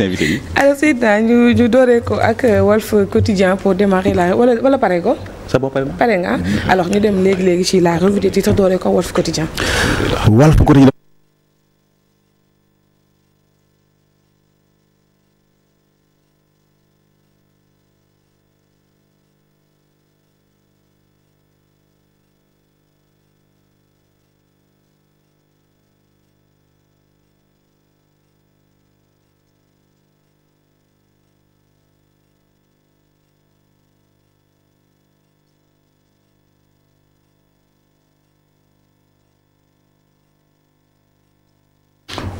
sa invité bi. alors Seydina ñu ñu dooree ko ak euh, Walf Quotidien pour démarrer la wala pare ko. sa bopp pare nga alors ñu dem léegi léegi ci la revue des titres dooree ko Walf Quotidien. Walf Quotidien.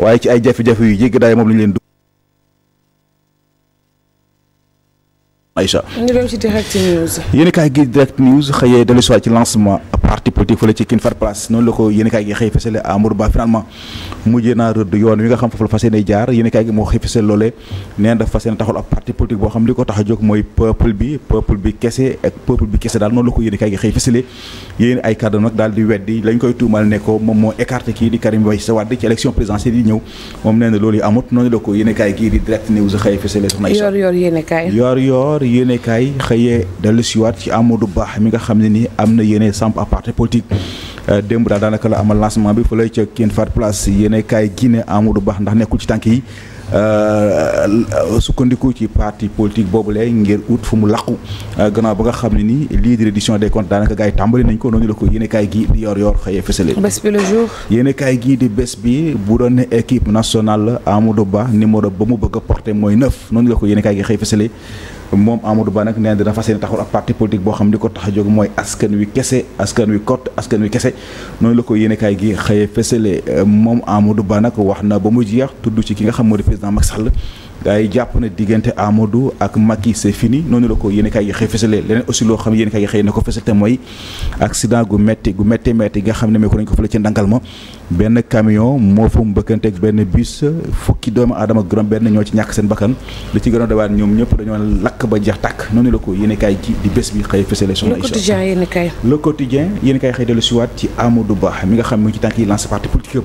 waaye ci ay jafe-jafe yu jéggi daay moom la ñu Aïcha. ñu dem ci direct news. yéen kaay gi direct news xëyee dellu si ci lancement parti politique fële ci kin far place noonu la ko yéen kaay gi xëy fësale Amadou Ba finalement mujjee naa rëdd yoon wi nga xam foofu la fas yéene jaar yéen kaay gi moo xëy fësale loolee neen dafa fas yéene taxul ab parti politique boo xam li ko tax a jóg mooy peuple bi peuple bi kese ak peuple bi kese daal noonu la ko yéen kaay gi xëy fësale yéen ay kàddu nag daal di weddi lañ koy tuumal ne ko moom moo écarté kii di Karim Meïssa Wade ci élection présidentielle yi ñëw moom nee na loolu amut noonu la ko yéen kaay gi di direct news xëy fësale soxna Aïcha yor yor yéenekaay xëyee dellu siwaat ci Amadou baax mi nga xam ne ni am na yéene samp à parti politique euh, démb daal daanaka la amal lancement bi fa lay ca King Fahd Place yéenekaay gi ne Amadou baax ndax nekkul ci tànk yi euh, sukkandiku ci parti politique boobu lee ngir ut fu mu làqu euh, gannaaw ba nga xam ne ni lii di reddition des comptes daanaka gars yi tàmbali nañ ko noonu la ko yéenekaay gi di yor yor xëyee fësale bés bi le jour yéenekaay gi di bés bi bu doon ne équipe nationale Amadou Ba numéro ba mu bëgg a porter mooy neuf noonu la ko yéenekaay gi moom Amadou Ba nag nee na dina fas yéene taxawal ab politique boo xam li ko tax a mooy askan wi kese askan wi kott askan wi kese noonu la ko yéenekaay gi xëye fësale moom Amadou Ba nag wax na ba mu jeex tudd ci ki nga xam moo di président mag Sall gars yi jàpp na diggante Amadou ak Macky c'est fini noonu la ko yéen kay xëy fësalee leneen aussi loo xam ne yéen kay xëy na ko fësal te mooy accident gu métti gu métti métti nga xam ne meeku nañ ko fële ci ndangal ma benn camion moo fa mbëkkanteeg benn bus fukki doomu aadama gërëm benn ñoo ci ñàkk seen bakkan li ci gën a dawaat ñoom ñëpp dañoo lakk ba jeex tàkk noonu la ko yéen kay ji di bés bi xëy fësalee soxna le quotidien yéen kay xëy dellu siwaat ci Amadou Ba mi nga xam ne mu ngi ci tànk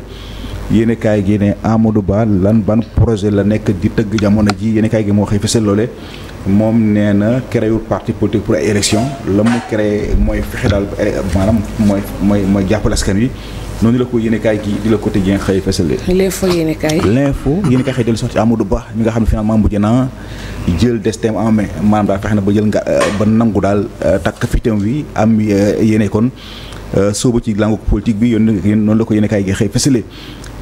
yéen kaay gi ne Amadou Ba lan ban projet la nekk di tëgg jamono ji yéen kaay gi moo xëy fësal loole moom nee na créewul parti politique pour ay la mu créé mooy fexe daal maanaam mooy mooy mooy jàppale askan wi noonu la ko yéen kaay gi di la côté jeen xëy fësale l'info yéen kaay l'info yéen kaay xëy dellu soxti Amadou Ba xam ne finalement mujj naa jël destin en main maanaam daal fexe ba jël nga ba nangu daal euh, takk fitam wi am euh, yéene kon euh, soobu ci langue politique bi yoon noonu la ko yéen kaay gi xëy fësale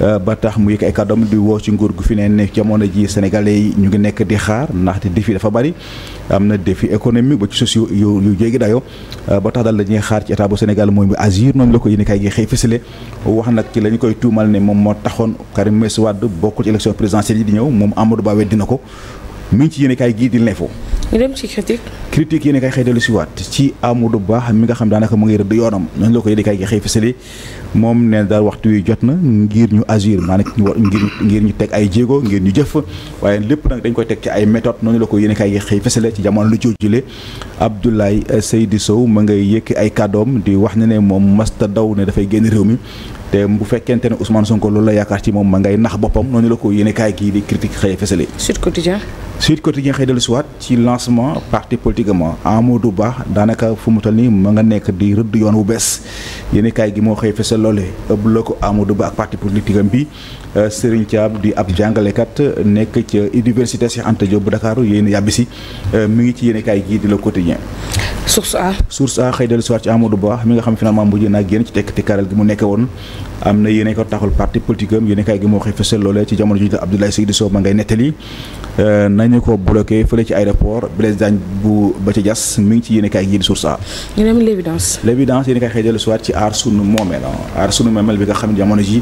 Euh, ba tax mu yëg ay kàddoom di woo ci nguur gu fi ne ne jamono ji sénégalais yi ñu ngi nekk di xaar ndaxte défi dafa bari am na défi économique ba ci sociaux yu yu jéggi dayo euh, ba tax daal dañuy xaar ci état bu Sénégal mooy mu agir noonu la ko yéen kay gi xëy fësale wax nag ci la ñu koy tuumal ne moom moo taxoon Karim Meïssa Wade bokkul ci élection présidentielle yi di ñëw moom Amadou Ba weddi na ko mi ngi ci yéen kaay gii di l'info ñu dem ci critique critique yéen xëy dellu si waat ci Amadou Ba mi nga xam daanaka mu ngi rëdd yoonam noonu la ko yéen kaay gi xëy fësale moom nee daal waxtu wi jot na ngir ñu agir maanaam ngir ngir ñu teg ay jéego ngir ñu jëf waaye lépp nag dañ koy teg ci ay méthode noonu la ko yéen kaay gi xëy fësale ci jamono lu joojule Abdoulaye Seydou Sow ma ngay yëkki ay kàddoom di wax ne ne moom maste daw ne dafay génn réew mi te bu fekkente ne Ousmane Sonko loolu la yaakaar ci moom ma ngay nax boppam noonu la ko yéene kaay gii di critique xëy fësale. Sud Quotidien. Sud Quotidien xëy dellu si waat ci lancement parti politiquement du baax daanaka fu mu toll nii ma nga nekk di rëdd yoon wu bees yéene kaay gi moo xëy fësal loole ëpp la ko Amadou Ba ak parti politique am bi euh, Serigne Thiam di ab jàngalekat nekk ca université Cheikh Anta bu Dakar yéen yàbbi si euh, mi ngi ci yéene gii di Le Quotidien. source A. source A xëy dellusiwaat ci Amadou Ba mi nga xam finalement mujj naa génn ci tekk tekkaaral gi mu nekk woon am na yéen ko taxul parti politique am yéen kaay gi moo xëy fësal loolee ci jamono ji la Abdoulaye Seydou Sow ma ngay nettali euh, nañu ko bloqué fële ci aéroport Blaise Diagne bu ba ci jas mi ngi ci yéen kaay gi di source A. ñu dem l'évidence. l'évidence yéen kaay xëy dellusiwaat ci aar sunu moomeel aar sunu moomeel bi nga xam jamono ji.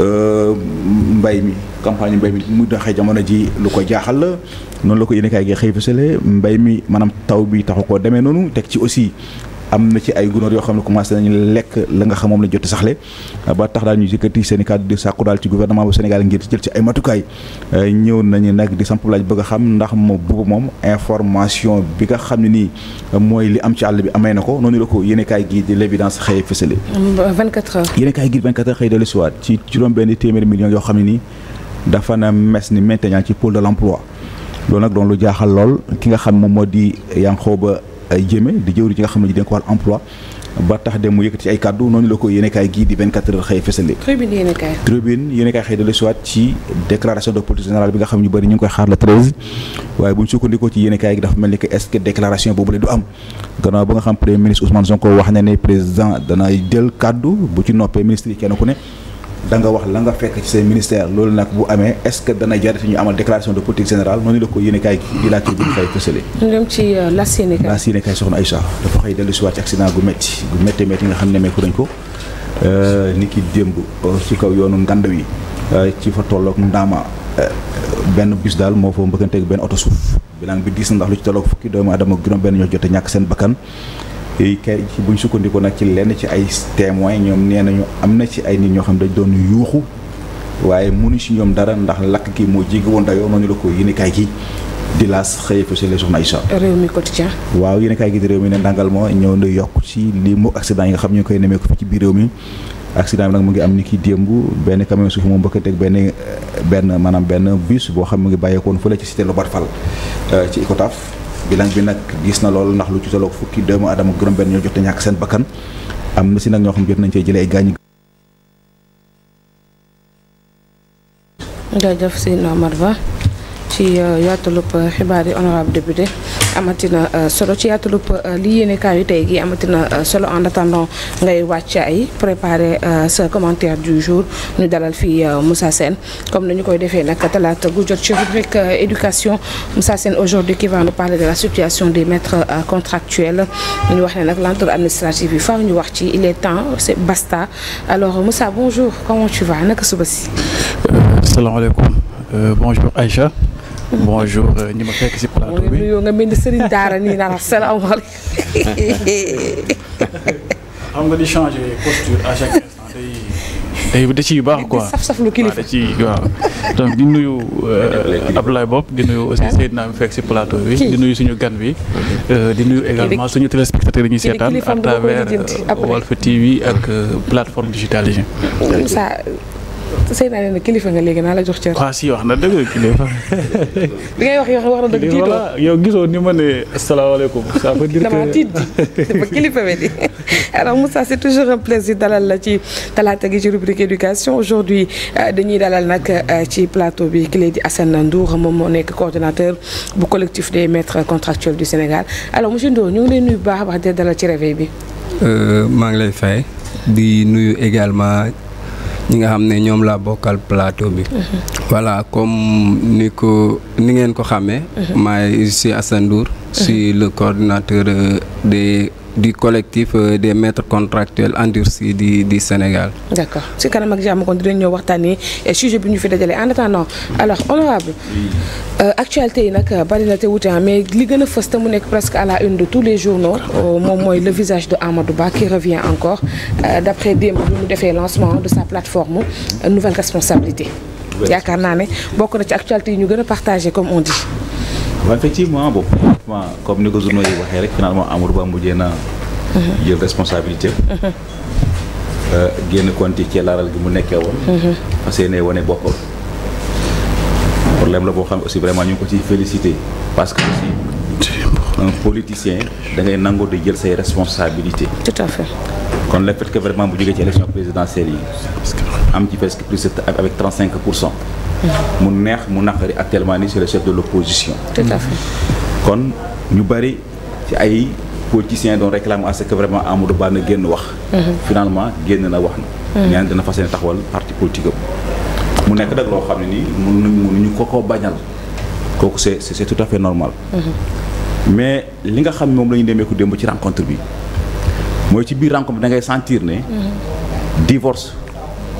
Euh, mbay mi campagne mbay mi muy doxee jamono ji lu ko jaaxal la noonu la ko yéen a kaay gi mbay mi maanaam taw bi taxu koo demee noonu teg ci aussi am na ci ay gunóor yoo xam ne commencé nañu lekk la nga xam moom lañ jot saxle ba tax daal ñu yëkkati seen i kàddu di sàkku daal ci gouvernement bu Sénégal ngir jël ci ay matukaay euh, ñëw nañu nag di samp bëgg xam ndax mu boobu moom information bi nga xam ne nii mooy li am ci àll bi amee na ko noonu la ko yéen kaay gii di l'évidence xëy fësale. 24 heures yéen kaay gii 24 heures xëy dellu ci juróom-benn téeméeri millions yoo xam ne nii dafa na mes ni maintenant ci pôle de lool ki nga xam moom moo di Yankhoba ay jéeme di jëwri ci nga xam ne dañ ko wàll emploi ba tax dem mu yëkkati ci ay kàddu noonu la ko yéenekaay gii di 24 heures xëy fësale tribune yéenekaay xëy dellu siwaat ci déclaration de politique générale bi nga xam ñu bëri ñu ngi koy xaar le 13 waaye bu ñu sukkandikoo ci yéenekaay dafa mel ni que est-ce que déclaration boobu la du am nga xam premier ministre Ousmane Sonko wax na ne président dana jël kàddu bu ci noppee ministre yi kenn ku ne da nga wax la nga fekk ci seen ministère loolu nag bu amee est-ce que dana jar ñu amal déclaration de politique générale noonu la ko yéene kaay di laa kii bi fay fësale. ñu dem ci euh, las yéene kaay. soxna Aïcha dafa xëy dellu si ci accident gu métti gu méttee métti nga xam ne meeku nañ ko euh, ni ki démb ci euh, kaw yoonu ngand wi ci fa tolloog ndaama benn bus daal moo fa mbëkkanteeg benn oto suuf bilan bi diis na ndax lu ci tolloog fukki doomu adama ak juróom benn ñoo jote ñàkk seen bakkan kay bu ñu sukkandikoo nag ci lenn ci ay témoins ñoom nee nañu am na ci ay nit ñoo xam dañ doon yuuxu waaye mënu si ñoom dara ndax lakk gi moo jéggi woon dayoo noonu la ko yéenekaay gi di laas xëy fa si les soxna Aïcha. réew mi quotidien. waaw yéenekaay gi di réew mi ne ndàngal moo ñëw na yokk ci li mu accident yi nga xam ñu ngi koy nemmeeku fi ci biir réew mi. accident bi nag mu ngi am ni ki démb benn camion suuf moom mbëkkanteeg benn benn maanaam benn bus boo xam mu ngi bàyyeekoon fële ci cité Lobatt Fall euh, ci Icotaf. bilan bi nag gis na loolu ndax lu ci tolloog fukki doomu aadama ak benn ñoo jot a ñàkk seen bakkan am na si nag ñoo xam jot nañ cee jëlee ay gaañu. jërëjëf si Omar Ba ci euh, yaatalub euh, xibaar yi honorable député amatina euh, solo ci yaatalub li yéene kaay yu tey gi amatina solo en attendant ngay wàcc ay préparer sa commentaire du jour ñu dalal fii Moussa seen comme nañu koy defee nag talaata gu jot ci rubrique éducation Moussa Sène aujourd'hui qui va nous parler de la situation des maîtres contractuels ñu wax ne nag lenteur administrative yi faaw ñu wax ci il est temps c'est basta alors Moussa bonjour comment tu vas naka suba si bonjour ñi euh, ma fekk si plateau bi yow nga mel ni Serigne Daara nii naan asalaamaaleykum xam nga di changer posture à chaque baax quoi saf saf lu kilifa waaw donc di nuyu euh, Abdoulaye Bob di nuyu aussi Seydina mi fekk si plateau bi di nuyu suñu gan bi euh, di nuyu également suñu téléspectateurs yi ñuy seetaan à travers TV ak plateforme digitale yi Seydina nee na kilifa nga léegi naa la jox cër. waaw si wax na dëgg kilifa. li ngay wax wax na dëgg tiitoo yow gisoo ni ma ne asalaamaaleykum. ça veut dire que damaa tiit dafa kilifa bi ci talaata gi ci rubrique euh, dañuy dalal nag euh, ci plateau bi ki lay di Assane Ndour moom moo nekk coordonnateur bu collectif des maîtres contractuels du Sénégal alors si Ndour ñu ngi leen nuyu baax a baax di dalal ci réveil bi. Euh, maa ngi lay fay di nuyu également. ñi nga xam ne ñoom laa bokkal plateau bi. voilà comme ni ko ni ngeen ko xamee. Mhm. maay si Assane mhm. si le coordinateur euh, des di collectif euh, de maîtres contractuels endurcis du du Sénégal. d' accord si kanam ak jàmm kon dinañ ñëw waxtaanee euh, sujet bi ñu fi dajale en attendant alors honorable euh, actualité yi nag bari na te wute ah, mais li gën a fës te mu nekk presque à la une de tous les journaux moom mooy le visage de Amadou Ba qui revient encore d' après démb bi mu defee lancement de sa plateforme nouvelle responsabilité. yaakaar naa ne bokk na ci actualité yi ñu gën a partagé comme on effectivement boobu comme ni ko journaux yi waxee rek finalement Amadou Ba mujjee na jël responsabilité euh, génn konti ci laaral gi mu nekkee woon parce que ne wane boppam la boo xam aussi vraiment ñu ko ciy félicité parce que aussi un politicien da ngay nangoo di jël say responsabilité tout à fait kon le fait que vraiment bu jógee ci élection présidentielle yi am ci presque plus avec 35 pour cent mu neex mu naqari actuellement nii c'est le chef de l'opposition kon ñu bari ci ay politiciens doon réclame à que vraiment Amadou Ba na génn wax mhm. finalement génn na wax na nee na dana fas yéene taxawal parti politique am mu nekk nag loo xam ne nii mënuñu ko ko bañal kooku c'est c'est tout à fait normal mhm. mais li nga xam moom la ñu demee ko démb ci rencontre bi mooy ci biir rencontre bi da ngay sentir ne mhm. divorce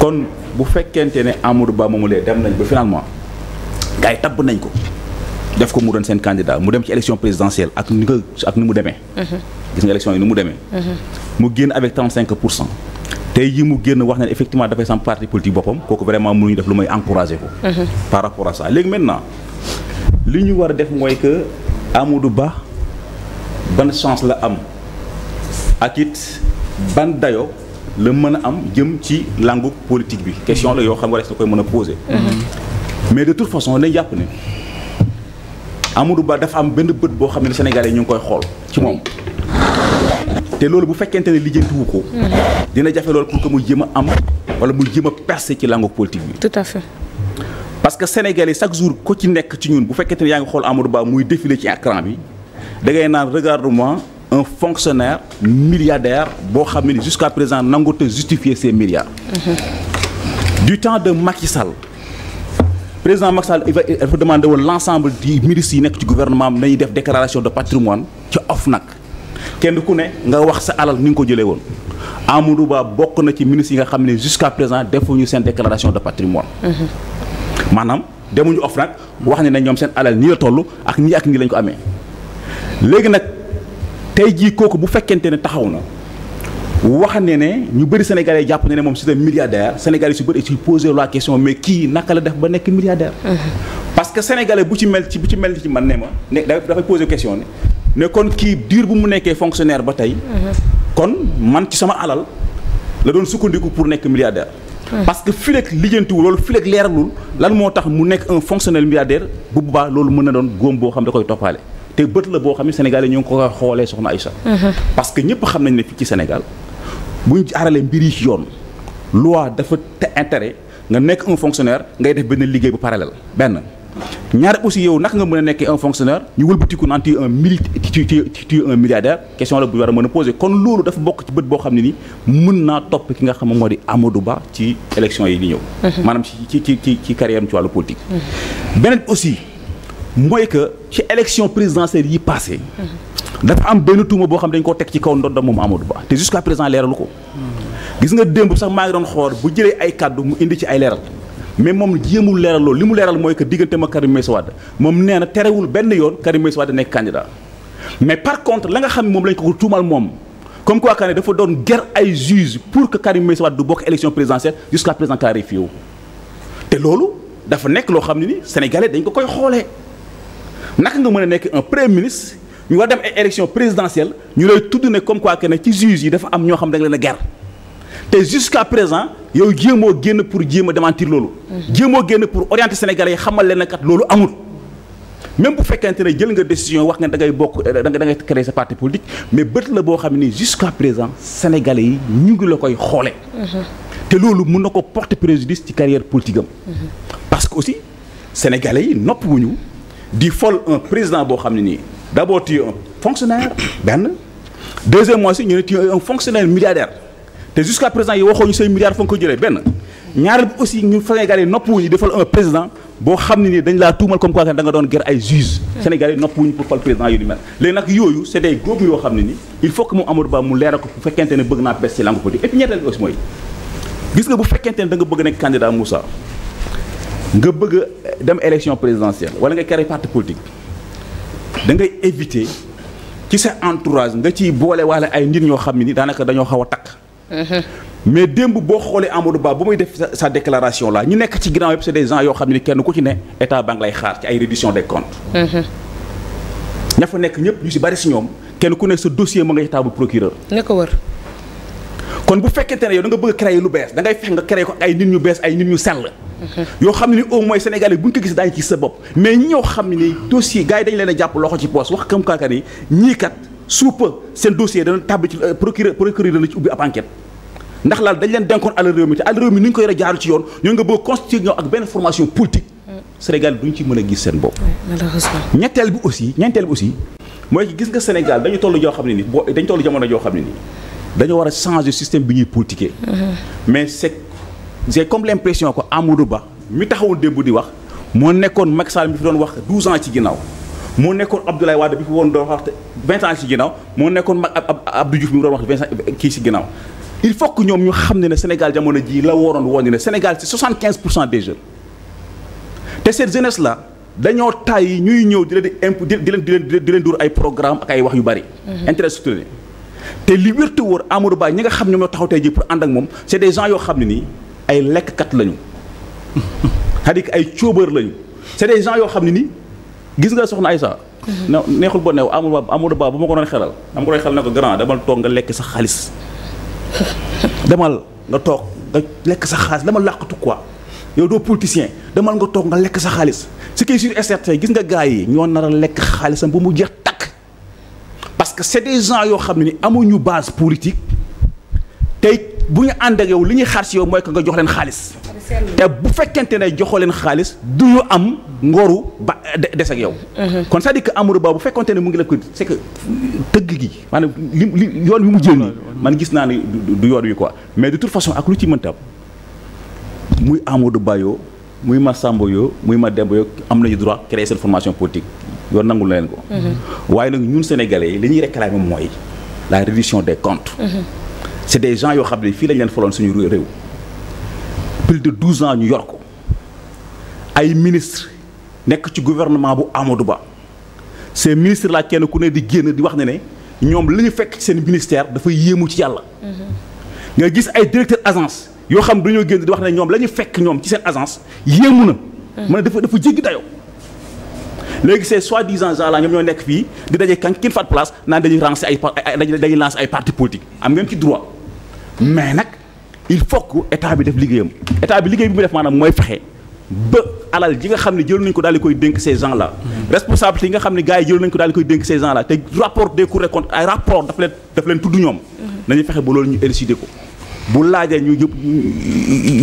kon bu fekkente ne Amadou Ba moomu lee dem nañ ba finalement gars yi tabb nañ ko def ko mu doon seen candidat mu dem ci élection présidentielle ak ni ko ak ni mu demee. Mhm. gis nga élection ni mu demee. Mhm. mu génn avec cinq pour cent. te jii mu génn wax ne effectivement dafay sam parti politique boppam kooku vraiment mënuñu def lu may encouragé ko. Mhm. par rapport à ça léegi maintenant li ñu war a def mooy que Amadou Ba ban chance la am ak it ban dayo la mën a am jëm ci langue politique bi question la yoo xam nga rek la koy mën a posé mais de toute façon nañ jàpp ne Amadou Ba dafa am benn bët boo xam ne Sénégalais ñu ngi koy xool ci moom te loolu bu fekkente ne lijjantiwu ko dina jafe loolu pour que muy jëm a am wala mu jëm a perse ci langue politique bi tout à parce que Sénégalais chaque jour ko ci nekk ci ñun bu fekkente ne yaa ngi xool Amadou muy défilé ci écran bi dangay ngay naan regarde un fonctionnaire milliardaire boo xam ne ni jusqu'à présent nangu te justifier ses milliards mmh. du temps de Macky Sall président Macky Sall dafa demandé woon l'ensemble di ministres yi nekk ci gouvernement am nañuy def déclaration de patrimoine ci OFNAC kenn ku ne nga wax sa alal ni nga ko jëlee woon Amadou Ba bokk na ci ministres yi nga xam ne jusqu'à présent defuñu seen déclaration de patrimoine mm-hmm. maanaam demuñu OFNAC wax ne ne ñoom seen alal nii la toll ak nii ak nii lañ ko amee léegi tey jii kooku bu fekkente ne taxaw na wax ne ne ñu bëri sénégalais jàpp ne ne moom si un milliardaire sénégalais su bëri si posé la question mais kii naka la def ba nekk milliardaire parce que sénégalais bu ci mel ci bu ci mel ci man ne ma ne dafay posé question ne ne kon kii diir bu mu nekkee fonctionnaire ba tey kon man ci sama alal la doon sukkandiku pour nekk milliardaire parce que fii rek lijjantiwu loolu fii rek leeralul lan moo tax mu nekk un fonctionnaire milliardaire bu boobaa loolu mën na doon góom boo xam da koy toppaale te bët la boo xam ne Sénégal yi ñoo ngi ko xoolee soxna Aïcha mhm. parce que ñëpp xam nañ ne fii ci Sénégal buñ aaralee mbir yi ci yoon loi dafa te intérêt nga nekk un fonctionnaire ngay def benn liggéey bu parallèle benn ñaar aussi yow naka nga mën a nekkee un fonctionnaire ñu wëlbatiku naan tu un mili tu tu un a mën a posé kon loolu dafa bokk ci boo xam ne ni mën naa topp ki nga xam ne moo di Amadou Ba ci élection yi di ñëw mhm. maanaam ci ci ci ci carrière ci wàllu politique mhm. beneen aussi mooy que ci élection présidentielle yi passé dafa am benn tuuma boo xam dañ koo teg ci kaw ndoddam moom Amadou Ba te jusqu'à présent leeralu ko gis nga démb sax maa ngi doon xool bu jëlee ay kàddu mu indi ci ay leeral mais moom jéemul leeral loolu li mu leeral mooy que diggante ma Karim Meïssa Wade moom nee na terewul benn yoon Karim Meïssa nekk candidat mais par contre la nga xam ne moom lañ ko ko tuumal moom comme quoi que ne dafa doon guerre ay pour que Karim Meïssa Wade du te loolu dafa nekk loo xam ne ni dañ ko koy xoolee naka nga mën a nekk un premier ministre ñu war dem ay élection présidentielle ñu lay tudd ne comme quoi que ne ci juge yi dafa am ñoo xam da nga leen a ger te jusqu'à présent yow jéemoo génn pour jéem a démentir loolu. jéemoo génn pour orienter Sénégalais yi xamal leen ne kat loolu amul. même bu fekkente ne jël nga décision wax nga da ngay bokk da ngay créer sa parti politique mais bët la boo xam ne jusqu'à présent sénégalais yi ñu ngi la koy xoole te loolu mun na ko porter préjudice ci carrière politique am. Mm-hmm. parce que aussi sénégalais nopp wuñu di fol un président boo xam ne nii d' abord tu es un fonctionnaire benn deuxièmement aussi ñu ne tu es un fonctionnaire milliardaire te jusqu' à yi waxoo ñu say milliards fa nga ko jëlee benn ñaareel bi aussi ñun Sénégal yi nopp wuñu di fal un président boo xam ne nii dañ laa tuumal comme quoi da nga doon ger ay juge Sénégal yi nopp wuñu pour fal président yu ni mel léegi nag yooyu c' est des yoo xam ne nii il faut que moom Amadou Ba mu leeral fekkente ne bëgg naa bes ci langue politique et puis ñetteel bi aussi mooy gis nga bu fekkente ne da nga nga bëgg a dem élection présidentielle wala nga créer parti politique da ngay éviter ci sa entourage nga ciy boole waale ay nit ñoo xam ne ni daanaka dañoo xaw a takk. mais démb boo xoolee Amadou Ba bu muy def sa déclaration la ñu nekk ci ginnaaw yëpp c'est des gens yoo xam ne kenn ku ci ne état banque ngay xaar ci ay reddition des comptes. ña fa nekk ñëpp lu si bari si ñoom kenn ku ne sa dossier ma nga ci table procureur. nga ko wër. kon bu fekkente ne yow da nga bëgg a lu bees da ngay fex nga créer ko ay nit ñu bees ay nit ñu sell. yoo xam ne ni au moins sénégalais bu ñu ko gis daañu ci sa bopp mais ñi ñoo xam ne ni dossier gars yi dañu leen a jàpp loxo ci ni ñii kat dañ leen denkoon àll réew mi te àll ko yore jaaru ci yoon ñoo nga bëgg constitué ñoo ak benn formation politique Sénégal duñ ci mën a gis seen bopp ñetteel bi aussi ñeenteel bi aussi mooy gis nga Sénégal dañu toll joo xam ne ni boo dañu toll jamono joo xam ne ni dañoo war a changer système bi ñuy politiquer mm-hmm. mais j'ai comme l'impression que Amadou Ba mi taxawul démb di wax moo nekkoon Macky Sall mi fi doon wax 12 ans ci ginnaaw moo nekkoon Abdoulaye Wade bi fi woon doon wax 20 ans moo nekkoon mag Abdou Diouf mi doon wax 20 ans kii ci ginnaaw il faut que ñoom ñu xam ne ne Sénégal jamono jii la waroon woon ne Sénégal c'est 75 pour cent des jeunes te cette jeunesse là dañoo taay ñuy ñëw di leen di imp di leen di ay programme ak ay wax yu bari. Mhm. intérêt te li wérte wóor Amadou Ba ñi nga xam ñoom ñoo ay lekkkat lañu cest à ay cóobër lañu c'est des gens yoo xam ne ni gis nga soxna Aïssa mhm. neexul ba neew amul ba amul ba bu ma ko doon xelal am ko doon xelal ne ko grand demal toog nga lekk sa xaalis demal nga toog nga lekk sa xaalis dama làqatu quoi yow doo politicien demal nga toog nga lekk sa xaalis si qui est sûr et gis nga gars yi ñoo nar a lekk xaalisam bu mu jeex takk parce que c'est des gens yoo xam ne ni amuñu base politique tey bu ñu ànd ak yow li ñuy xaar si yow mooy que nga jox leen xaalis. te bu fekkente ne joxoo leen xaalis du ñu am ngoru ba des ak yow. Mhm. kon cest dikk dire Ba bu fekkonte ne mu ngi la ko c'est que tëgg gi maanaam li li yoon wi mu jël nii man gis naa ni du yoon wi quoi mais de toute façon ak lu ci mënta am muy Amadou Ba yoo muy Massamba yoo muy Mademba yoo am nañu droit créer seen formation politique yoon nangul la leen ko. Mhm. waaye nag ñun sénégalais yi li ñuy réclamer mooy la reddition des comptes. Mhm. c'est des gens yoo xam ne fii lañ leen faloon suñu réew plus de douze ans ñu yor ko ay ministre nekk ci gouvernement bu Amadou Ba ces ministres la kenn ku ne di génn di wax ne ne ñoom li ñu fekk ci seen ministère dafa yéemu ci yàlla mm-hmm. nga gis ay directeur agence yoo xam du dañoo génn di wax ne ñoom la ñu fekk ñoom ci seen agence yéemu na man mm-hmm. dafa dafa jéggi dayoo léegi c'est soi-disant gens là ñoom ñoo nekk fii di daje kan kin fat place naan dañuy lancé ay parti politique am ngeen ci droit mais nag il faut que état bi def liggéeyam état bi liggéey bi mu def maanaam mooy fexe ba alal ji nga xam ne jël nañ ko daal di koy dénk ces la là. responsabilité yi nga xam ne gars yi jël nañ ko daal di koy dénk ces gens là te rapport des Cours des comptes ay rapport daf leen daf ñoom. Mm-hmm. nañu fexe ba loolu ñu élucider ko. bu laajee ñu yëpp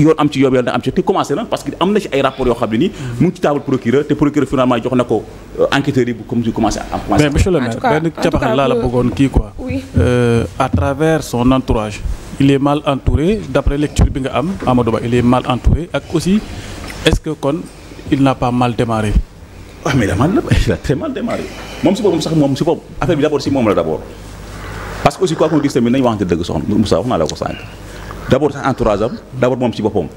yoon am ci yoob yoon da am ci te commencé na parce que am na ci ay rapports yoo xam ne nii mu ngi ci table procureur te procureur finalement jox na ko euh, enquêteurs yi bu comme si commencé am commencé mais monsieur le euh, à travers son entourage il est mal entouré d'après lecture bi nga am Amadou Ba il est mal entouré ak aussi est-ce que kon il n'a pas mal démarré waaw ah, mais la mal la très mal démarré moom si sax moom si boppam affaire bi d'abord si moom la d'abord parce que aussi quoi qu'on dise tamit nañu waxante dëgg soxna Moussa wax naa la ko sànq d' sax entourage am moom si boppam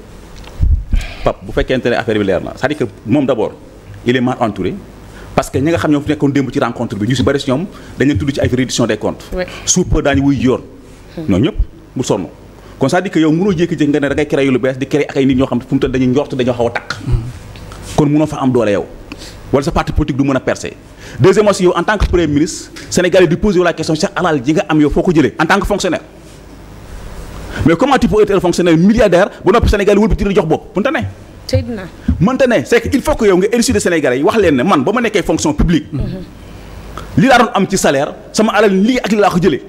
pap bu fekkente ne affaire bi leer na c'est-à-dire que moom d' il est mal entouré parce nga xam ñoom fi démb ci rencontre bi ñu si bëri si ñoom dañ tudd ci ay réduction des comptes sous peu daañu wuy yoon hmm. ñooñu ñëpp mu sonn kon c'est-à-dire que yow mënoo nga ne da ngay créé lu bees di créé ak ay nit ñoo xam ne hmm. am doole yow wala sa parti politique du mën a percer deuxièmement aussi yow en tant que premier ministre sénégalais di poser la question sa alal ji nga am yow foo ko jëlee en tant que fonctionnaire mais comment tu peux être un ba noppi sénégalais wëlbati la jox bopp mënta ne. mënta ne c'est que il faut que yow nga élucider sénégalais yi wax leen ne man ba ma nekkee fonction publique. li laa doon am ci salaire sama alal lii ak li laa ko jëlee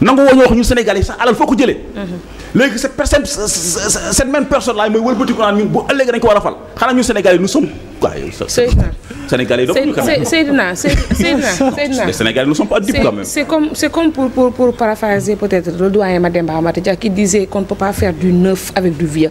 nangu woo ñu wax ñu Sénégalais sa alal foo ko jëlee. Mhm. léegi cette personne cette même personne laay mooy wëlbati ko naan ñun bu ëllëgee dañ ko war a fal xanaa ñu Sénégalais nous sommes. waaw Sénégalais yi doxuñu kanam Seydina pas dupes c'est comme c'est comme pour pour pour peut-être le doyen Mademba Amati Dia qui disait qu'on ne peut pas faire du neuf avec du vieux.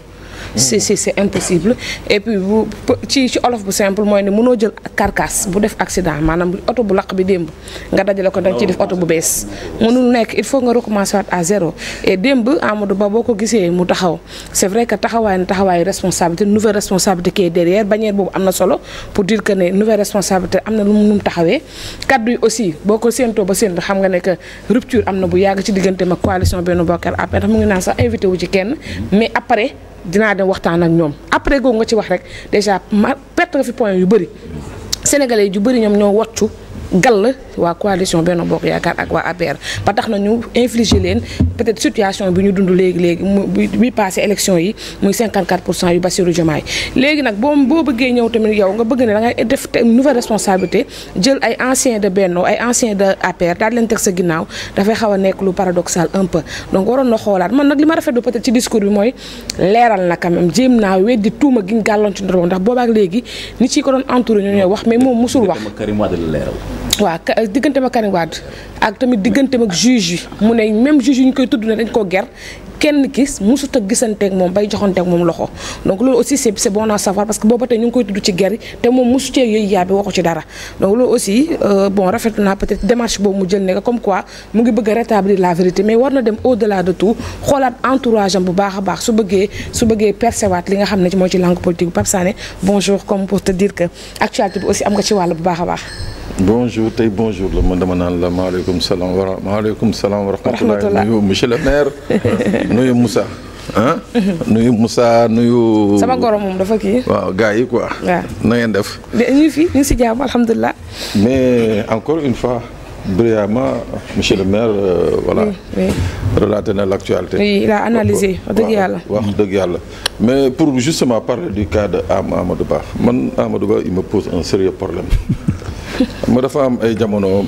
c'est c'est impossible et puis bu ci ci olof bu simple mooy ne mënoo jël carcasse bu def accident maanaam oto bu laq bi démb nga dajale ko danga ci def oto bu bees mënul nekk il faut nga recommencer waat à zéro et démb Amadou Ba boo ko gisee mu taxaw c'est vrai que taxawaay na taxawaay responsabilité nouvelle responsabilité qui est derrière bannière boobu am na solo pour dire que ne nouvelle responsabilité am na lu mu taxawee kaddu yi aussi boo ko séentoo ba séentu xam nga ne que rupture am na bu yàgg ci diggante ma coalition Benno Bokk Yaakaar après mu ngi naan wu ci kenn mais après dinaa dem waxtaan ak ñoom après googu nga ci wax rek déjà ma perte nga fi point yu bëri sénégalais yu bëri ñoom ñoo wàccu gàll waa coalition Benno Bokk Yaakaar ak waa APR ba tax na ñu infliger leen peut situation bi ñu dund léegi léegi mu bi passé élection yi muy 54 cent yu Bassirou Diomaye léegi nag boo boo bëggee ñëw tamit yow nga bëgg ne da ngay def une nouvelle responsabilité jël ay anciens de Benno ay anciens de APR daal leen teg sa ginnaaw dafay xaw a nekk lu paradoxal un peu donc waroon na xoolaat man nag li ma rafetlu peut-être ci discours bi mooy leeral na quand même jéem naa weddi tuuma gi ñu gàlloon ci ndax boobaak léegi nit ci ko doon entouré ñoo ñooy wax mais moom musul waaw euh, digganteem ma Karim Wade ak tamit diggante ak juge bi mu ne même juge yi ñu koy tudd ne dañ koo ger kenn gis musut a gisanteeg moom bay joxanteeg moom loxo donc loolu aussi c' est c' est koy tudd ci ger yi te moom musu cee yooyu yaa bi waxu ci dara donc loolu aussi euh, bon rafet naa peut être démarche boobu mu jël ne comme quoi mu ngi bëgg a rétablir la vérité mais war na dem au delà de tout xoolaat entourage bu baax a baax su bëggee su bëggee percevaat li nga xam ne mooy ci langue politique bi Pape Sané bonjour comme pour te dire que a baax. bonjour tey bonjour la man dama naan la maaleykum salaam wa maaleykum salaam wa rahmatulah nuyu monsieur le maire nuyu Moussa. ah nuyu Moussa moom dafa kii. waaw gars yi quoi. waaw def. si jàmm alhamdulilah. mais encore une fois. brièvement monsieur le maire wala euh, relaté na l' actualité. oui il dëgg yàlla. wax dëgg yàlla mais pour justement parler du cas de Amadou Ba man Amadou Ba il me pose un sérieux problème. ma dafa am ay jamono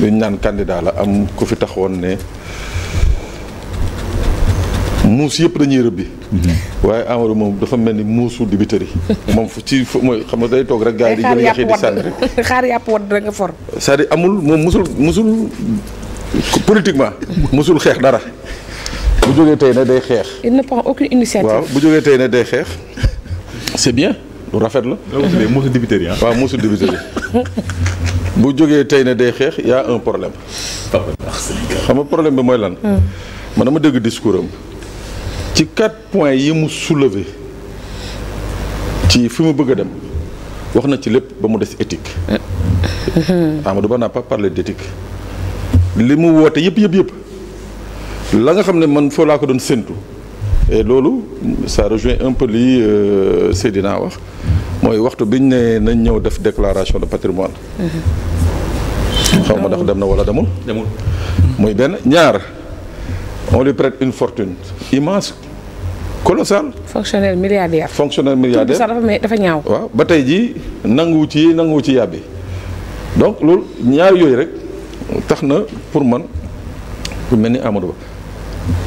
ñu naan candidat la am ku fi taxawoon ne muus yëpp dañuy rëbbi. Mhm. waaye Amadou moom dafa mel ni muusu dibitëri moom fu ci mooy xam nga day toog rek gars yi di jël yax yi di xaar yàpp wadd nga for cest à amul moom musul musul politiquement musul xeex dara bu jógee tey ne day xeex il ne waaw bu jógee tey na day xeex c'est bien lu rafet la. léegi moosu dibiteri ah. waaw moosu dibiteri bu jógee tey ne day xeex y' a un problème. xam nga problème bi mooy lan. Hmm. man ma dégg discours am ci quatre point yi mu soulevé ci fi mu bëgg a dem wax na ci lépp ba mu des éthique. Amadou Ba n'a pas parlé d'éthique li mu woote yëpp yëpp yëpp la nga xam ne man foo laa ko doon séntu loolu ça rejoint un peu lii euh, Seydina wax. mooy waxtu bi ne nañ ñëw def déclaration de patrimoine mm-hmm. xaw ma ndax dem na wala demul demul muy benn ñaar on lui prête une fortune immense colossale fonctionnaire milliardaire fonctionnaire milliardaire sax dafa dafa ñaaw waaw ba tey jii nanguwu ci nanguwu ci yàbbi donc loolu ñaar yooyu rek tax na pour man ku mel ni Amadou Ba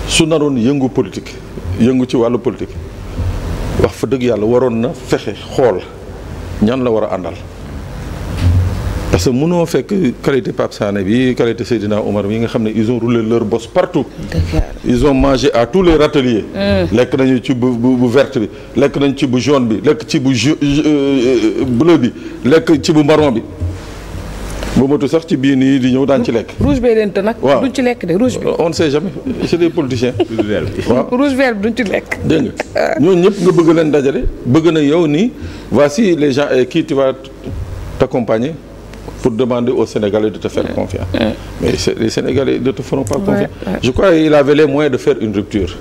su naroon yëngu politique yëngu ci wàllu politique fa dëgg yàlla waroon na fexe xool ñan la war a àndal parce que mënoo fekk qualité Pape Sané bi qualité Seydina Omar bi nga xam ne ils ont roulé leur bosse partout. ils ont mangé à tous les râteliers. Mm. lekk nañu ci bu bu verte bi lekk nañ ci bu jaune bi lekk ci bu euh, euh, bleu bi lekk ci bu marron bi. ba matu sax ci biir nii di ñëw daan ci lekk. rouge bee leen te nag. waaw duñ ci lekk de rouge bi. on ne sait jamais c'est des politiciens. rouge vert bi waaw rouge vert ci lekk. dégg ah. ñooñu ñëpp nga bëgg leen dajale bëgg na yow nii voici les gens qui tu vas t'accompagner pour demander aux Sénégalais de te faire ouais, Je crois qu'il avait les de faire une rupture.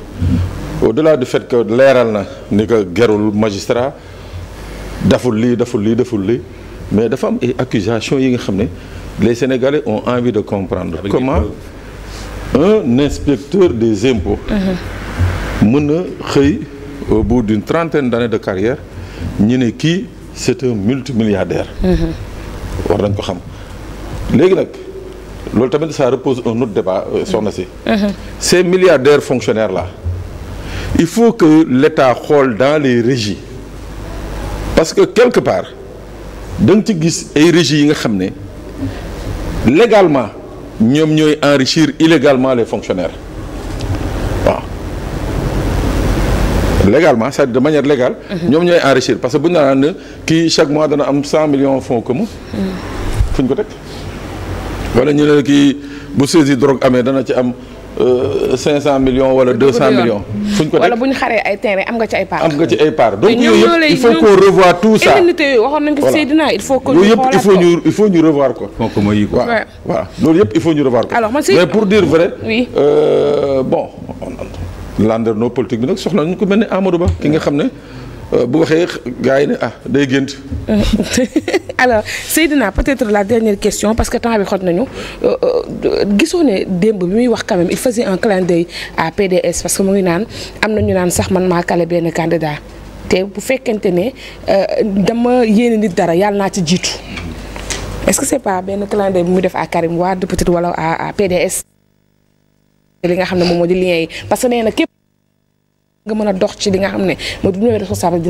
Au-delà du fait que leeral na ni que gerul magistrat daful lii daful lii daful li mais dafa am ay accusations yi nga xam ne les Sénégalais ont envie de comprendre Avec comment un inspecteur des impôts uh-huh. mën a xëy au bout d'une trentaine d'années de carrière ñu ne kii c'est un multimilliardaire uh-huh. war nañ ko xam léegi nag loolu tamit ça repose un autre débat euh, soxna si uh-huh. ces milliardaires fonctionnaires la il faut que l'État xool dans les régies parce que quelque part da nga ci gis ay régies yi nga xam ne légalement ñoom ñooy enrichir illégalement les fonctionnaires waaw légalement c'est-à-dire de manière légale. Mhm. ñoom ñooy enrichir parce que bu ñu naan ne kii chaque mois dana am cent millions fonds communs. Mhm. fu ko teg wala ñu ne kii bu saisie drogue amee dana ci am. Euh, cinq cent million wala deux cent millions. fuñ ko def bu ñu xaree ay terrain am nga ci ay part. am nga ci ay part donc yooyu yëpp il faut qu'on revoie tout ça indemnité waxoon nañ ko ñu xoolaat ko yooyu yëpp il faut ñu ñu revoir ko. kooku ma yi ko waaw waaw loolu yëpp il faut ñu revoir ko. alors mais pour dire vrai. Euh, bon. lander no politique bi nag soxla nañu ko mel ni Amadou Ba ki nga xam ne. Euh, bu waxee gars ne ah day gént. alors Seydina peut-être la dernière question parce que temps bi xot nañu euh, euh, gisoo ne démb bi muy wax quand même il faisait un clin à PDS parce que mu ngi naan am na ñu naan sax man maa kale benn candidat te bu fekkente ne dama yéene nit dara yàlla naa ci jiitu est-ce que c'est pas benn clin d'œil bu muy def à Karim Wade peut-être wala à PDS. li nga xam ne moom moo di lien yi parce que nee képp. nga mën a dox ci dina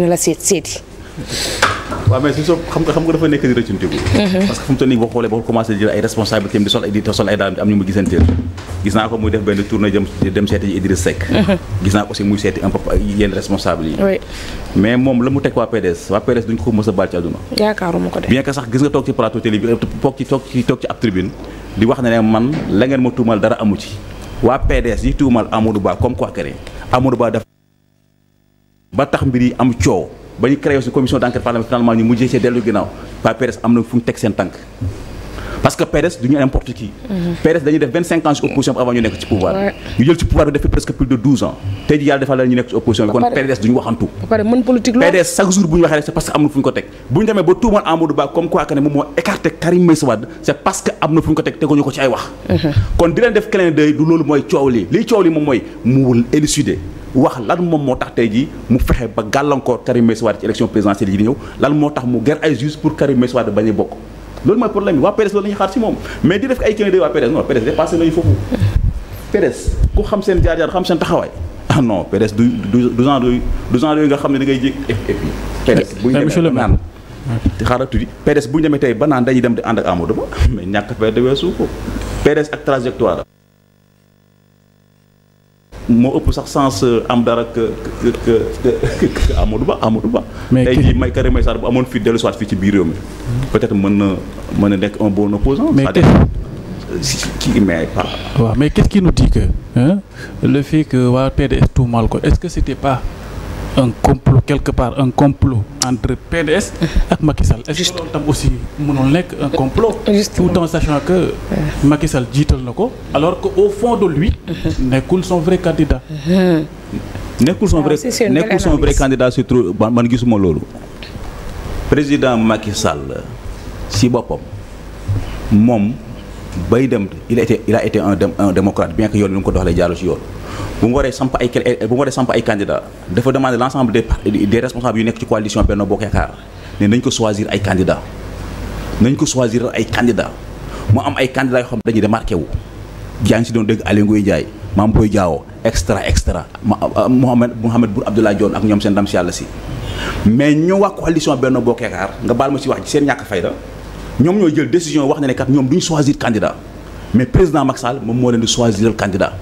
la seeti. waaw mais suñu soo xam nga xam nga dafa nekk di rëccantiku mhm. parce que fu mu toll nii boo jël ay responsabilités di di sol ay daal am ñu mu gisanteel gis naa ko muy def benn tournée dem seeti ji Idriss Seck mhm. gis naa ko aussi muy seeti un peu yenn responsable yi mais moom la mu teg waa PDS waa PDS duñ ko mës a baal ci àdduna yaakaaruma ko de bien que sax gis nga toog ci plateau télé bi euh, toog ci toog ci toog ba tax mbir yi am coow ba ñu créé aussi commission d' enquête parlementaire finalement ñu mujjee see dellu ginnaaw Pape Peres am na fu mu teg seen tànk. parce que PDS du ñu n'importe qui. PDS dañuy def 25 ans ci opposition bi avant ñu nekk ci pouvoir. ñu jël ci pouvoir bi def presque plus de 12 ans. tey jii yàlla defal la nekk ci opposition kon PDS du ñu waxantu. ba chaque jour bu ñu waxee rek c'est parce que am na fu ñu ko teg. bu ñu ñu ko ci ay wax. Mhm. kon di leen def clin d'œil du loolu mooy coow lii lii coow lii moom mooy mu élucider. wax lan moom moo tax tey jii mu fexe ba gàllankoor loolu mooy problème bi waa PDS loolu la ñuy xaar ci moom mais di def ay keneen day waa PDS non PDS dépassé nañu foofu PDS ku xam seen jaar-jaar xam seen taxawaay ah non PDS du du du genre yooyu du genre xam ne da ngay jéeg et puis PDS bu ñu demee ba bu ñu demee tey ba naan dañuy dem di ànd ak Amadou Ba mais ñàkk a weesu ko PDS ak trajectoire moo ëpp sax sens euh, am dara que que que Amadou Ba Amadou Ba. mais tey jii may Karim Meïssa bu amoon dellu dellusiwaat fii ci biir réew mi. peut-être mën na mën na nekk un bon opposant mais kii mais waaw mais qu'est-ce qui nous dit que hein, le fait que waa PDS tuumaal ko est-ce que c'était pas. un complot quelque part un complot entre PDS ak Macky Sall. est ce que tam aussi mënul nekk un complot. Euh, tout en sachant que. Macky jiital na ko. alors que au fond de lui. nekkul son vrai candidat. nekkul son ah, vrai nekkul son vrai candidat surtout man gisuma loolu. président Macky Sall si boppam moom bay dem il a été un démocrate bien que yoon nu mu ko doxalee jaarul si yoon. bu mu waree samp ay bu mu waree samp ay candidats dafa demander l' ensemble des des responsables yu nekk ci coalition Benno Bokk Yaakaar ne nañ ko choisir ay candidats nañ ko choisir ay candidats mu am ay candidats yoo xam dañuy démarqué wu. yaa ngi si doon dégg Aly Ngouille Ndiaye Mame Boye Diao extra extra euh, Mohamed Mohamed Boun Abdallah Dionne ñoom seen ndam si si. mais ñoo waa coalition Benno Bokk Yaakaar nga baal ma ci wax ci seen ñàkk fayda ñoom ñoo jël décision wax ne ne kat ñoom duñu choisir candidat mais président Macky Sall moom moo leen di choisir candidat.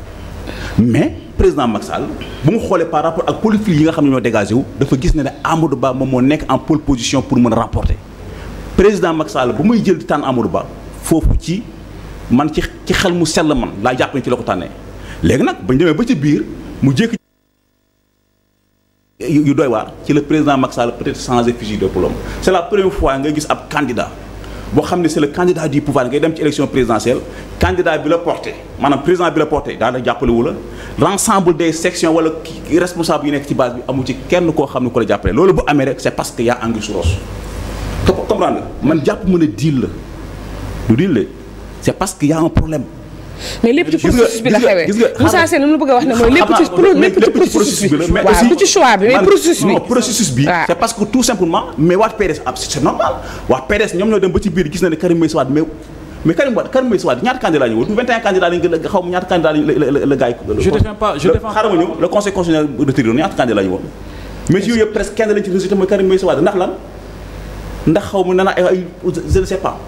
mais président Macky bu mu xoolee par rapport ak politique yi nga xam ne ñoo dégagé wu dafa gis ne ne Amadou Ba moom moo nekk en pole position pour mën a remporter président Macky bu muy jël di tànn Amadou Ba foofu ci man ci ci xel mu sell man laa jàpp ne ci loo ko tànnee léegi nag bañ demee ba ci biir mu jékki yu dooy waar ci le président Macky Sall peut-être changé fusil d'épaule c'est la première fois nga gis ab candidat boo xam ne si le candidat du pouvoir ngay dem ci élection présidentielle candidat bi la porté maanaam président bi la porté daal la jàppale la responsable yu nekk ci base bi amu ci kenn koo xam ne ko la jàppale loolu bu amee rek c'est parce que y a anguille sous roche comprendre nga man jàpp ma ne deal la du deal la c'est parce que y a problème mais lépp ci processus bi la xewee gis nga Moussa Sène lu mu bëgg a wax ne mooy lépp ci lépp ci processus bi mais aussi du ci choix bi mais processus bi non processus bi c'est parce que tout simplement mais waa PDS ah, c'est normal waa PDS ñoom ñoo dem ba ci biir gis na ne Karim Meïssa Wade mais mais Karim Wade Karim Meïssa Wade ñaata candidat la ñu wut 21 candidat lañu gën a xaw ma ñaata candidat lañu la la gars yi je défends pas je défends xaaral ma ñëw le conseil constitutionnel retiré woon ñaata candidat la ñu woon mais yooyu yëpp presque kenn lañu ci résultat mooy Karim Meïssa Wade ndax lan ndax xaw ma nee na ay je ne sais pas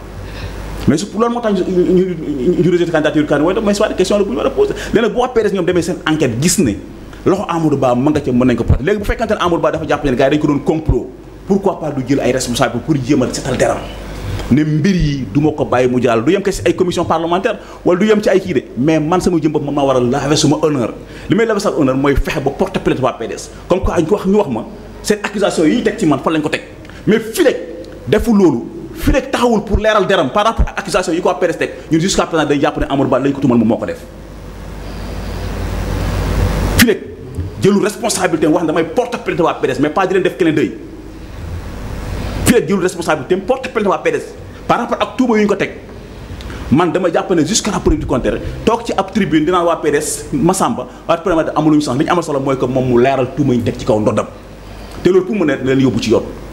mais su loolu moo tax ñu ñu rejeté candidature mais soit question la a posé léegi nag boo APRS ñoom demee seen enquête gis ne loxo ko porté léegi bu fekkante ne yi dañ ko doon complot pourquoi pas du pour jéem a setal deram ko bàyyi mais a laver suma honneur li fexe ba porte plainte waa PDS comme quoi ñu wax ñu wax ma seen accusation yi ñu teg ci man fan lañ ko teg mais fii rek defu loolu fi rek taxawul pour leeral deram par rapport ak accusation yi ko PDS teg ñun jusqu'à présent day jàpp ne Amadou Ba lañ ko tuumal moom moo ko def fi rek jëlul wax ne damay porte plainte waa mais pas di leen def keneen dëy fi rek jëlul responsabilité porte plainte waa par rapport ak tuuma yu ko teg man dama jàpp ne jusqu'à la preuve du contraire toog ci ab tribune dinaa waa PDS Massamba waa première amuluñu sens li ñu amal solo mooy que moom mu leeral tuuma yi ci kaw ndoddam te loolu pour yóbbu ci yoon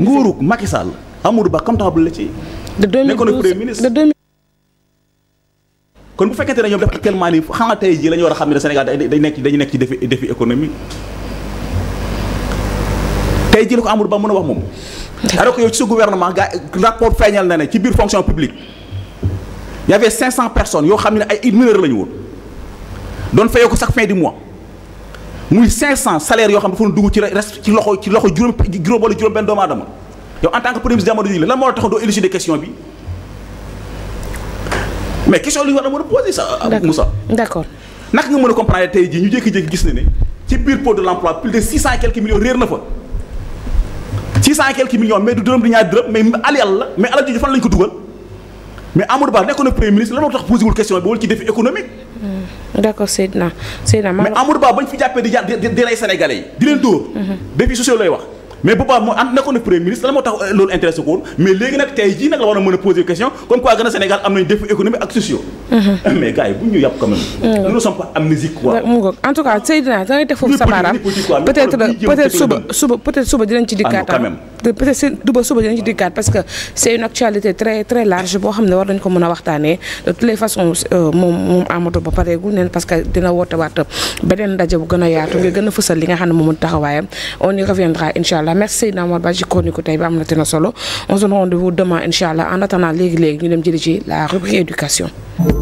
nguuru Macky Sall Amadou Ba comptable la ci. de 2012 nekkoon premier ministre kon bu fekkente ne ñoom def actuellement nii xam nga tey jii la ñu war a xam ne Sénégal dañu nekk dañu nekk ci défi défi économique tey jii la ko Amadou Ba mën a wax moom. alors que yow ci sa gouvernement gaa rapport feeñal na ne ci biir fonction publique y avait 500 personne yoo xam ne ay mineurs la ñu woon doon fayoo ko chaque fin du mois. muy 500 salaire yoo xam ne dafa dugg ci res ci loxo ci loxo juróom juróom wala juróom benn doomu yow en tant premier ministre jamono jii lan moo la a mën a posé sa. Moussa d'accord naka nga mën a comprendre tey jii ñu jékki-jékki gis na ne ci biir pot de l'emploi plus de 600 et quelques millions réer na fa dugal mais Amadou Ba nekkoon na moo tax posé wul bi wala ci défi économique. d'accord Seydina Seydina. Ba bañ fi jàppee di ja di di rey sénégalais yi di leen dóor. Mhm. défi sociaux lay wax. mais boobaa moo ànd nekkoon na premier ministre lan moo tax euh, loolu intéressé ko mais léegi nag tey jii nag la war a mën a poser question comme quoi gën a Sénégal am nañu défi économique ak sociaux. Mm-hmm. mais gars yi bu ñu yàpp quand même. Mm-hmm. nous ne sommes pas amnésiques quoi. en tout cas Seydina da ngay teg foofu sa peut-être suba suba dinañ ci ah dikkaat. Ah. peut-être suba dinañ ci dikkaat parce que c'est une actualité très très large boo xam ne war nañ ko mën a waxtaanee de toutes les façons euh, moom moom Amadou Ba pareegul neen parce que dina woote waat beneen ndaje bu gën a yaatu nga gën a li nga xam ne moom taxawaayam on y reviendra incha allah merci Seydina Omar Ba ci chronique tey bi am na dina solo on se